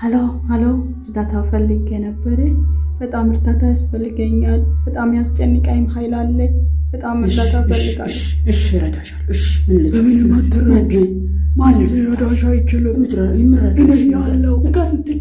ሀሎ ሀሎ፣ እርዳታ ፈልጌ ነበረ። በጣም እርዳታ ያስፈልገኛል። በጣም ያስጨንቃይም ኃይል አለ። በጣም እርዳታ ፈልጋለሁ። እሺ እረዳሻለሁ። እሺ ምንም አትረዳኝ። ማንም ሊረዳሽ አይችልም። እኔ ያለው ንገሪኝ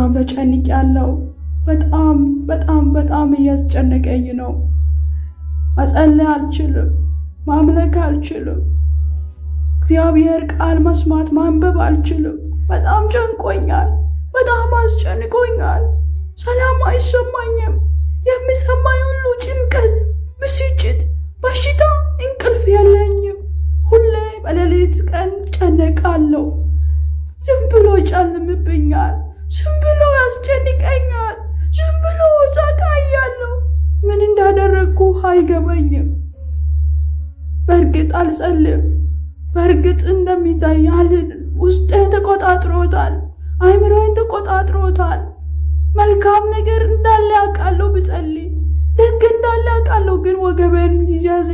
በጣም ተጨንቅ ያለው በጣም በጣም በጣም እያስጨነቀኝ ነው። መጸለይ አልችልም። ማምለክ አልችልም። እግዚአብሔር ቃል መስማት ማንበብ አልችልም። በጣም ጨንቆኛል። በጣም አስጨንቆኛል። ሰላም አይሰማኝም። የሚሰማኝ ሁሉ ጭንቀት፣ ብስጭት፣ በሽታ፣ እንቅልፍ የለኝም። ሁሌ በሌሊት ቀን ጨነቃለሁ። ዝም ብሎ ጨልምብኛል። ዝም ያስጨንቀኛል። ዝም ብሎ ሰቃያለሁ። ምን እንዳደረግኩ አይገባኝም። በእርግጥ አልጸልም። በእርግጥ እንደሚታይ አልን ውስጤን ተቆጣጥሮታል። አይምሮን ተቆጣጥሮታል። መልካም ነገር እንዳለ ያውቃለሁ ብጸልይ፣ ደግ እንዳለ ያውቃለሁ። ግን ወገበን እንዲያዜ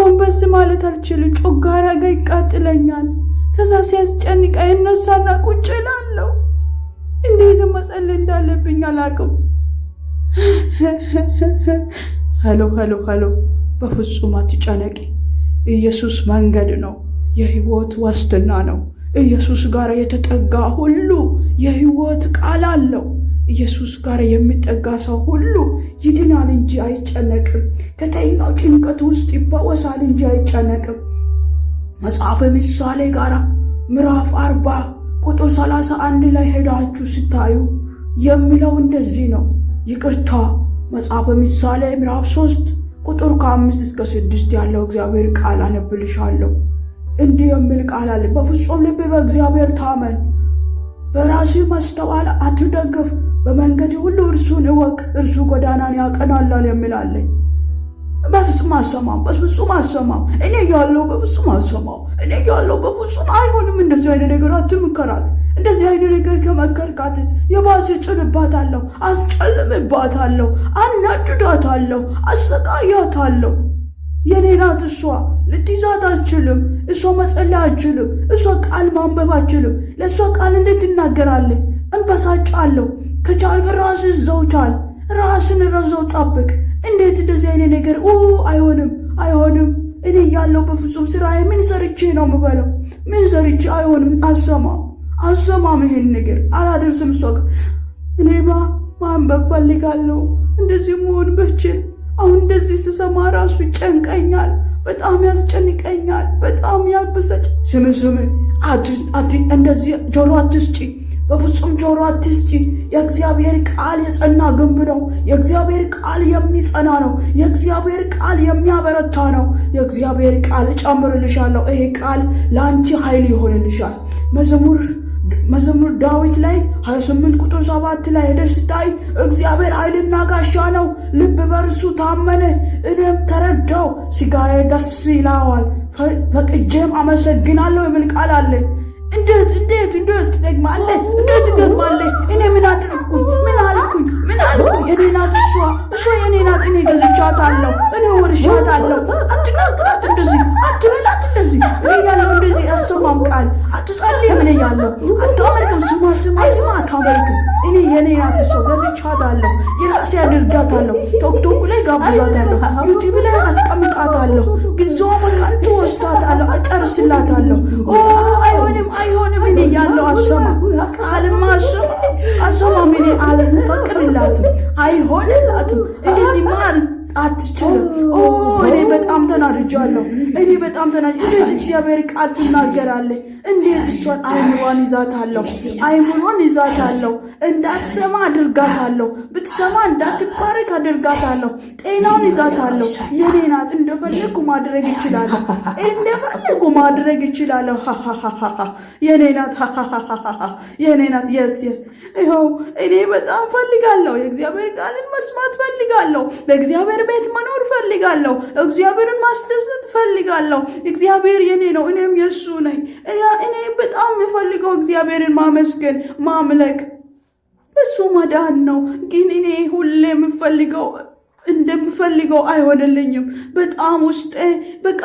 ጎንበስ ማለት አልችልም። ጮጋራ ጋር ይቃጥለኛል። ከዛ ሲያስጨንቃ ይነሳና ቁጭ እላለሁ። እንዴት መጸለይ እንዳለብኝ አላውቅም። ሄሎ ሄሎ ሄሎ፣ በፍጹም አትጨነቂ። ኢየሱስ መንገድ ነው፣ የህይወት ዋስትና ነው። ኢየሱስ ጋር የተጠጋ ሁሉ የህይወት ቃል አለው። ኢየሱስ ጋር የሚጠጋ ሰው ሁሉ ይድናል እንጂ አይጨነቅም። ከተኛው ጭንቀት ውስጥ ይፈወሳል እንጂ አይጨነቅም። መጽሐፈ ምሳሌ ጋር ምዕራፍ አርባ ቁጥር 31 አንድ ላይ ሄዳችሁ ስታዩ የሚለው እንደዚህ ነው። ይቅርታ መጽሐፈ ምሳሌ ምዕራፍ ሶስት ቁጥር ከአምስት እስከ ስድስት ያለው እግዚአብሔር ቃል አነብልሻለሁ። እንዲህ የሚል ቃል አለ። በፍጹም ልብ በእግዚአብሔር ታመን፣ በራስህ ማስተዋል አትደግፍ በመንገድ ሁሉ እርሱን እወቅ፣ እርሱ ጎዳናን ያቀናላል የሚል አለኝ። በፍጹም አሰማም፣ በፍጹም አሰማም። እኔ ያለው በፍጹም አሰማም። እኔ ያለው በፍጹም አይሆንም። እንደዚህ አይነት ነገር አትምከራት። እንደዚህ አይነት ነገር ከመከርካት የባሰ ጭንባታለሁ፣ አስጨልምባታለሁ፣ አናድዳታለሁ፣ አሰቃያታለሁ። የኔ ናት እሷ። ልትይዛት አትችልም። እሷ መጸለይ አትችልም። እሷ ቃል ማንበብ አትችልም። ለእሷ ቃል እንዴት ትናገራለህ? እንበሳጫለሁ። ከቻልክ ራስህ እዛው ቻል። ራስን ረዘው ጠብቅ። እንዴት እንደዚህ አይነት ነገር አይሆንም አይሆንም እኔ ያለው በፍጹም ስራዬ ምን ሰርቼ ነው የምበለው? ምን ሰርቼ አይሆንም። አሰማ አሰማም ይሄን ነገር አላደርስም። እሷ እኔ እኔማ ማንበብ ፈልጋለሁ። እንደዚህ መሆን ብችል አሁን እንደዚህ ስሰማ ራሱ ጨንቀኛል። በጣም ያስጨንቀኛል። በጣም ያበሰጭ። ስም ስም እንደዚህ ጆሮ አትስጪ በፍጹም ጆሮ አትስጪ። የእግዚአብሔር ቃል የጸና ግንብ ነው። የእግዚአብሔር ቃል የሚጸና ነው። የእግዚአብሔር ቃል የሚያበረታ ነው። የእግዚአብሔር ቃል እጨምርልሻለሁ። ይሄ ቃል ለአንቺ ኃይል ይሆንልሻል። መዝሙር መዝሙር ዳዊት ላይ 28 ቁጥር 7 ላይ ሄደሽ ስታይ እግዚአብሔር ኃይልና ጋሻ ነው፣ ልብ በርሱ ታመነ፣ እኔም ተረዳው፣ ሥጋዬ ደስ ይለዋል፣ ፈቅጄም አመሰግናለሁ የሚል ቃል አለ። እንዴት እንዴት እንዴት ትደግማለህ? እንዴት ትደግማለህ? እኔ ምን አደረግኩኝ? ምን አልኩኝ? ምን አልኩኝ? የኔ ናት እሷ እሷ የኔ ናት። እኔ ገዝቻታለሁ፣ እኔ ወርሻታለሁ። አትናግራት እንደዚህ፣ አትበላት እንደዚህ። እኔ ያለው እንደዚህ አሰማም ቃል አትጸልይም። እኔ ያለው አታመልክም። ስማ ስማ ስማ፣ አታመልክም። እኔ የኔ ናት እሷ፣ ገዝቻታለሁ፣ የራሴ አድርጋታለሁ። ቶክቶክ ላይ ጋብዛታለሁ፣ ዩቲዩብ ላይ አስቀምጣታለሁ። ግዛው መካንቱ እወስዳታለሁ፣ እጨርስላታለሁ። አይሆንም አይሆንም እኔ ያለው አሰማ አልማ አሰማ አሰማም እኔ አልፈቅድላትም፣ አይሆንላትም እንደዚህ ማል አትችልም። ኦ እኔ በጣም ተናድጃለሁ። እኔ በጣም ተናድጄ እግዚአብሔር ቃል ትናገራለች። እንዴት እሷን አይምሯን ይዛታለሁ፣ አይምሯን ይዛታለሁ፣ እንዳትሰማ አድርጋታለሁ፣ ብትሰማ እንዳትባረክ አድርጋታለሁ፣ ጤናውን ይዛታለሁ። የኔ ናት፣ እንደፈለግኩ ማድረግ ይችላለሁ፣ እንደፈለግኩ ማድረግ ይችላለሁ። የኔ ናት፣ የኔ ናት። የስ የስ ይኸው እኔ በጣም ፈልጋለሁ፣ የእግዚአብሔር ቃልን መስማት ፈልጋለሁ። ለእግዚአብሔር በእግዚአብሔር ቤት መኖር ፈልጋለሁ። እግዚአብሔርን ማስደሰት ፈልጋለሁ። እግዚአብሔር የኔ ነው፣ እኔም የሱ ነኝ። እኔ በጣም የፈልገው እግዚአብሔርን ማመስገን ማምለክ እሱ መዳን ነው። ግን እኔ ሁሌ የምፈልገው እንደምፈልገው አይሆንልኝም። በጣም ውስጤ በቃ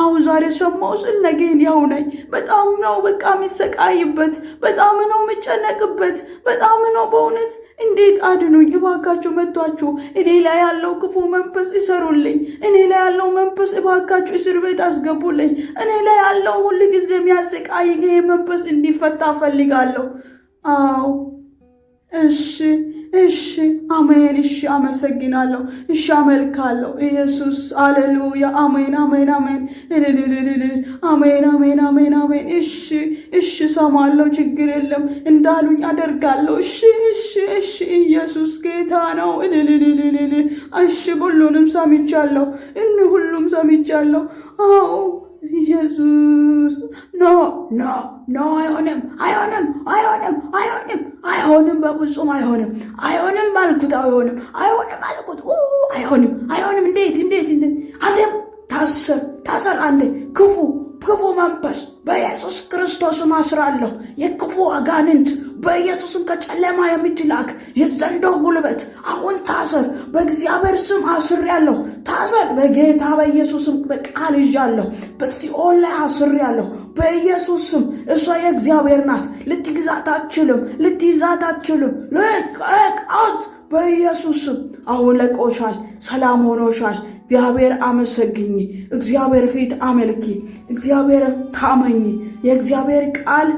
አሁን ዛሬ ሰማው ስል ነገ ያው ነኝ። በጣም ነው በቃ የሚሰቃይበት፣ በጣም ነው የምጨነቅበት፣ በጣም ነው በእውነት እንዴት አድኑኝ እባካችሁ፣ መጥቷችሁ እኔ ላይ ያለው ክፉ መንፈስ ይሰሩልኝ። እኔ ላይ ያለው መንፈስ እባካችሁ እስር ቤት አስገቡልኝ። እኔ ላይ ያለው ሁል ጊዜ የሚያሰቃይ ይሄ መንፈስ እንዲፈታ ፈልጋለሁ። አዎ እሺ እሺ አሜን። እሺ አመሰግናለሁ። እሺ አመልካለሁ። ኢየሱስ አሌሉያ። አሜን አሜን አሜን እልልልልል፣ አሜን አሜን አሜን አሜን። እሺ እሺ ሰማለሁ። ችግር የለም እንዳሉኝ አደርጋለሁ። እሺ እሺ እሺ። ኢየሱስ ጌታ ነው። እሺ ሁሉንም ሰምቻለሁ። እኒ ሁሉም ሰምቻለሁ። አዎ ኢየሱስ ኖ ኖ ኖ አይሆንም አይሆንም አይሆንም አይሆንም አይሆንም በፍጹም አይሆንም አይሆንም አልኩት አይሆንም አይሆንም አልኩት አይሆንም አይሆንም እንዴት እንዴት አንተ ታሰር ታሰር አንዴ ክፉ ክፉ መንፈስ በኢየሱስ ክርስቶስም አስራለሁ። የክፉ አጋንንት በኢየሱስም ከጨለማ የምትላክ የዘንዶ ጉልበት አሁን ታሰር፣ በእግዚአብሔር ስም አስሬያለሁ። ታሰር፣ በጌታ በኢየሱስም በቃል ይዣለሁ። በሲኦል ላይ አስሬያለሁ። በኢየሱስ ስም እሷ የእግዚአብሔር ናት። ልትግዛት አትችልም። ልትይዛት አትችልም። ልቅ አውት በኢየሱስ ስም አሁን ለቆሻል፣ ሰላም ሆኖሻል። እግዚአብሔር አመሰግኝ። እግዚአብሔር ፊት አመልኪ። እግዚአብሔር ታመኝ። አዳምኝ የእግዚአብሔር ቃል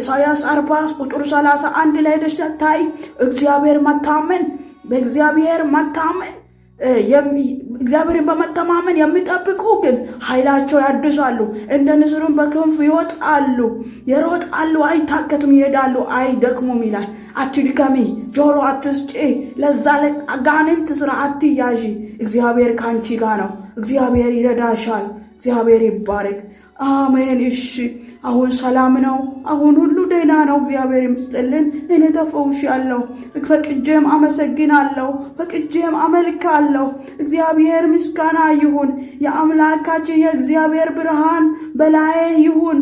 ኢሳያስ 40 ቁጥር 31 ላይ ደሰታይ ታይ እግዚአብሔር መታመን በእግዚአብሔር መታመን እግዚአብሔርን በመተማመን የሚጠብቁ ግን ኃይላቸው ያድሳሉ፣ እንደ ንስሩን በክንፍ ይወጣሉ። ይሮጣሉ አይታከቱም፣ ይሄዳሉ አይደክሙም ይላል። አትድከሚ፣ ጆሮ አትስጪ፣ ለዛ አጋንንት ስራ አትያዢ። እግዚአብሔር ከአንቺ ጋር ነው። እግዚአብሔር ይረዳሻል። እግዚአብሔር ይባረክ። አሜን። እሺ፣ አሁን ሰላም ነው። አሁን ሁሉ ደህና ነው። እግዚአብሔር ይመስገን። እኔ ያለው ፈቅጄም አመሰግናለሁ። ፈቅጄም አመልካለሁ። እግዚአብሔር ምስጋና ይሁን። የአምላካችን የእግዚአብሔር ብርሃን በላዬ ይሁን።